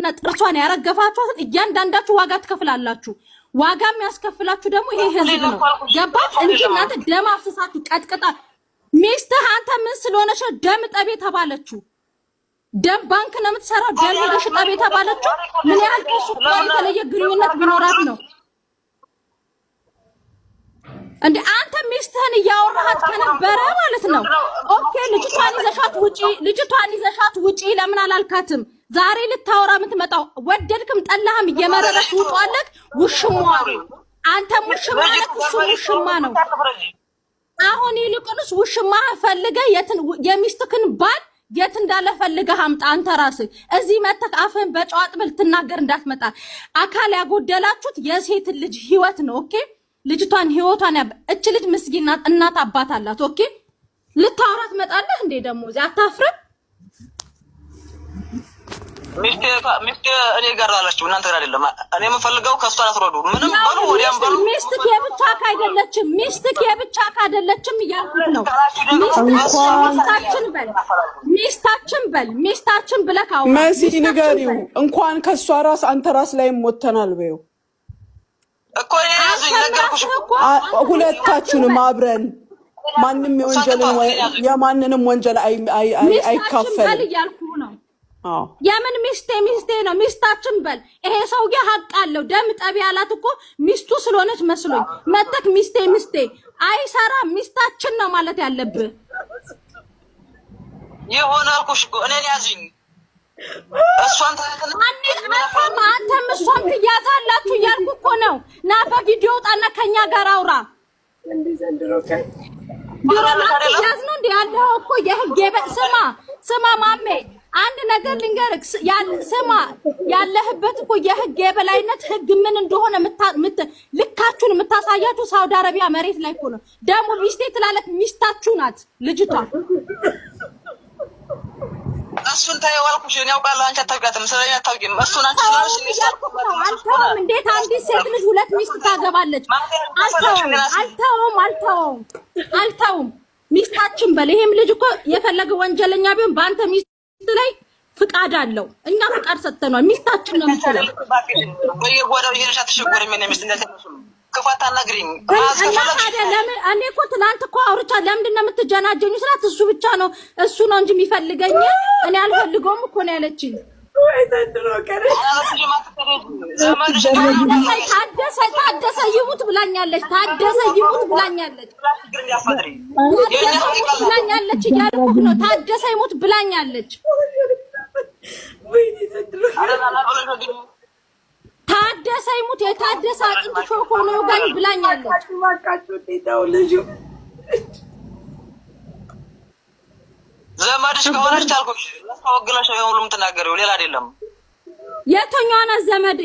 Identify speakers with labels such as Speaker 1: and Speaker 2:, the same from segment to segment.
Speaker 1: እና ጥርሷን ያረገፋችኋት እያንዳንዳችሁ ዋጋ ትከፍላላችሁ። ዋጋ የሚያስከፍላችሁ ደግሞ ይሄ ህዝብ ነው። ገባት እንጂ እናንተ ደም አፍስሳችሁ ቀጥቅጣ ሚስትህ አንተ ምን ስለሆነች ደም ጠቤ ተባለችው። ደም ባንክ ነው የምትሰራው። ደም ሄደሽ ጠቤ ተባለችው። ምን ያህል ከሱ የተለየ ግንኙነት ቢኖራት ነው እንደ አንተ ሚስትህን እያወራሃት ከነበረ ማለት ነው። ኦኬ ልጅቷን ይዘሻት ውጪ፣ ልጅቷን ይዘሻት ውጪ ለምን አላልካትም? ዛሬ ልታወራ የምትመጣው ወደድክም ጠላህም እየመረረች ውጧለህ። ውሽሟ አንተም ውሽማ ነህ፣ እሱ ውሽማ ነው። አሁን ይልቁንስ ውሽማ ፈልገ የሚስትክን ባል የት እንዳለ ፈልገህ አምጣ። አንተ ራስህ እዚህ መተክ አፍህን በጨዋጥ ብል ትናገር እንዳትመጣ። አካል ያጎደላችሁት የሴት ልጅ ህይወት ነው። ኦኬ ልጅቷን ህይወቷን ያ እች ልጅ ምስጊና እናት አባት አላት። ኦኬ ልታወራ ትመጣለህ እንዴ ደግሞ እዚህ አታፍርም?
Speaker 2: ሚስቴ እኔ ጋር አላችሁ እናንተ ጋር አይደለም። እኔ የምፈልገው ከእሷን አስረዱ።
Speaker 1: ምንም በሉ ወዲያም በሉ። ሚስትህ የብቻ ካይደለችም ሚስትህ የብቻ ካይደለችም እያልኩት ነው። ሚስታችን በል ሚስታችን በል ሚስታችን ብለህ አሁን
Speaker 3: መሲ ንገሪው። እንኳን ከእሷ ራስ አንተ ራስ ላይ ሞተናል በይው እኮ ሁለታችሁንም አብረን ማንም የወንጀልን የማንንም ወንጀል አይካፈልም
Speaker 1: የምን ሚስቴ ሚስቴ ነው ሚስታችን በል። ይሄ ሰውዬ ሀቅ አለው። ደም ጠቢ ያላት እኮ ሚስቱ ስለሆነች መስሎኝ መተክ ሚስቴ ሚስቴ አይሰራ ሚስታችን ነው ማለት ያለብህ
Speaker 2: ይሆን አልኩሽ ያዝኝ።
Speaker 1: እሷን አንተም አንተም እሷም ትያዛላችሁ እያልኩ እኮ ነው። ና በቪዲዮ ውጣና ከኛ ጋር አውራ። ድሮ ትያዝ ነው እንዲ ያለው እኮ የህግ ስማ ስማ ማሜ አንድ ነገር ልንገርህ፣ ስማ፣ ያለህበት እኮ የህግ የበላይነት ህግ ምን እንደሆነ ልካችሁን የምታሳያችሁ ሳውዲ አረቢያ መሬት ላይ እኮ ነው። ደግሞ ሚስቴ ትላለህ፣ ሚስታችሁ ናት ልጅቷ።
Speaker 2: እሱን ተይው አልኩሽ። እኔ አውቃለሁ፣ አንቺ አታውቂያትም። ስለዚህ አታውቂም። እሱን አንቺ
Speaker 1: ስላልሽ አልተውም። እንዴት አንዲት ሴት ልጅ ሁለት ሚስት ታገባለች? አልተውም፣ አልተውም፣ አልተውም፣ አልተውም። ሚስታችን በል። ይሄም ልጅ እኮ የፈለገ ወንጀለኛ ቢሆን በአንተ ሚስት ፍቃድ አለው። እኛ ፍቃድ ሰጥተናል። ሚስታችን ነው የምትለው።
Speaker 2: በየጓዳው እየሄደሽ አትሸጎሪም። የእኔ ሚስት ክፋት አናግሪኝ
Speaker 1: ለምን? እኔ እኮ ትናንት እኮ አውርቻ ለምንድን ነው የምትጀናጀኙ ስላት እሱ ብቻ ነው እሱ ነው እንጂ የሚፈልገኝ እኔ አልፈልገውም እኮ ነው ያለችኝ። ታደሰ ታደሰ ይሙት ብላኛለች። ታደሰ ይሙት ብላኛለች። ታደሰ ይሙት ብላኛለች እያልኩህ ነው። ታደሰ ይሙት ብላኛለች ታደሰ ይሙት የታደሰ አጥንት ሾኮ ነው ጋኝ ብላኛለች።
Speaker 2: ዘመድሽ ከሆነች አልኩሽ ወግነሽ ነው ሁሉ የምትናገሪው፣ ሌላ አይደለም።
Speaker 1: የትኛዋ ናት ዘመዴ?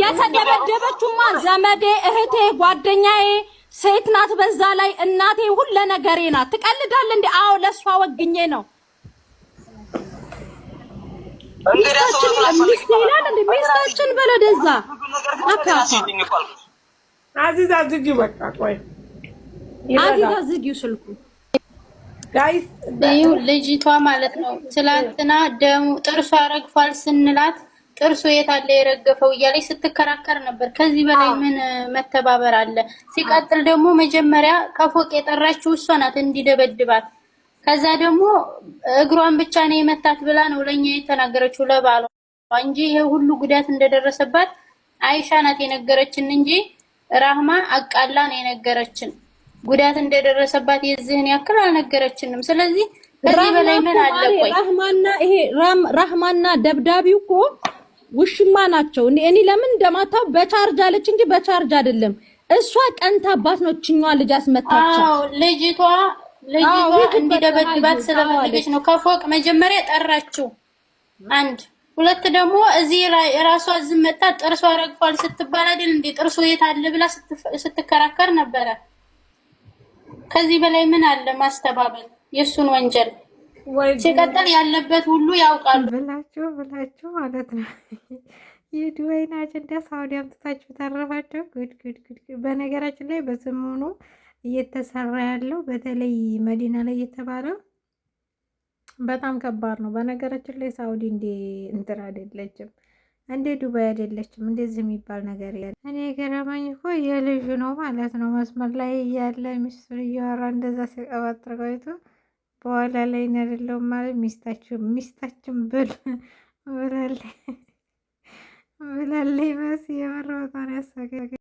Speaker 1: የተደበደበችማ ዘመዴ፣ እህቴ፣ ጓደኛዬ ሴት ናት። በዛ ላይ እናቴ ሁለ ነገሬ ናት። ትቀልዳል እንዴ? አዎ ለእሷ ወግኜ ነው። እንዴ? ሚስታችን ደዛ
Speaker 3: አዚዛ በቃ ቆይ
Speaker 1: አዚዛ ስልኩ
Speaker 4: ጋይስ ልጅቷ ማለት ነው ትላንትና ደሙ ጥርሷ ረግፏል ስንላት ጥርሱ የት አለ የረገፈው እያለች ስትከራከር ነበር። ከዚህ በላይ ምን መተባበር አለ? ሲቀጥል ደግሞ መጀመሪያ ከፎቅ የጠራችው እሷ ናት እንዲደበድባት። ከዛ ደግሞ እግሯን ብቻ ነው የመታት ብላ ነው ለእኛ የተናገረችው ለባሏ እንጂ ይሄ ሁሉ ጉዳት እንደደረሰባት አይሻ ናት የነገረችን እንጂ ራህማ አቃላ ነው የነገረችን። ጉዳት እንደደረሰባት የዚህን ያክል አልነገረችንም። ስለዚህ
Speaker 1: ከዚህ በላይ ምን አለ? ቆይ ራህማና ይሄ ራህማና ደብዳቢው እኮ ውሽማ ናቸው። እኔ ለምን እንደማታ በቻርጅ አለች እንጂ በቻርጅ አይደለም። እሷ ቀንት አባት ነው እችኛዋ ልጅ አስመታቸው።
Speaker 4: ልጅቷ ልጅቷ እንዲደበድባት ስለፈለገች ነው ከፎቅ መጀመሪያ ጠራችው። አንድ ሁለት ደግሞ እዚህ ራሷ ዝም ጥርሷ ረግፏል ስትባል አይደል እንዴ ጥርሱ የት አለ ብላ ስትከራከር ነበረ። ከዚህ በላይ ምን አለ ማስተባበል የእሱን ወንጀል ሲቀጥል ያለበት ሁሉ ያውቃሉ
Speaker 5: ብላችሁ ብላችሁ ማለት ነው። የዱባይን አጀንዳ ሳውዲ አምጥታችሁ ታረፋቸው ጉድ ጉድ ጉድ። በነገራችን ላይ በሰሞኑ እየተሰራ ያለው በተለይ መዲና ላይ እየተባለው በጣም ከባድ ነው። በነገራችን ላይ ሳውዲ እንደ እንትን አይደለችም፣ እንደ ዱባይ አይደለችም። እንደዚህ የሚባል ነገር ያለ እኔ ገረመኝ እኮ የልጁ ነው ማለት ነው። መስመር ላይ እያለ ሚስቱን እያወራ እንደዛ ሲቀባጥር ቆይቶ በኋላ ላይ ነው ማለት ሚስታችሁ ሚስታችን ብል ብላለ ብላለች። መሲ የምር በጣም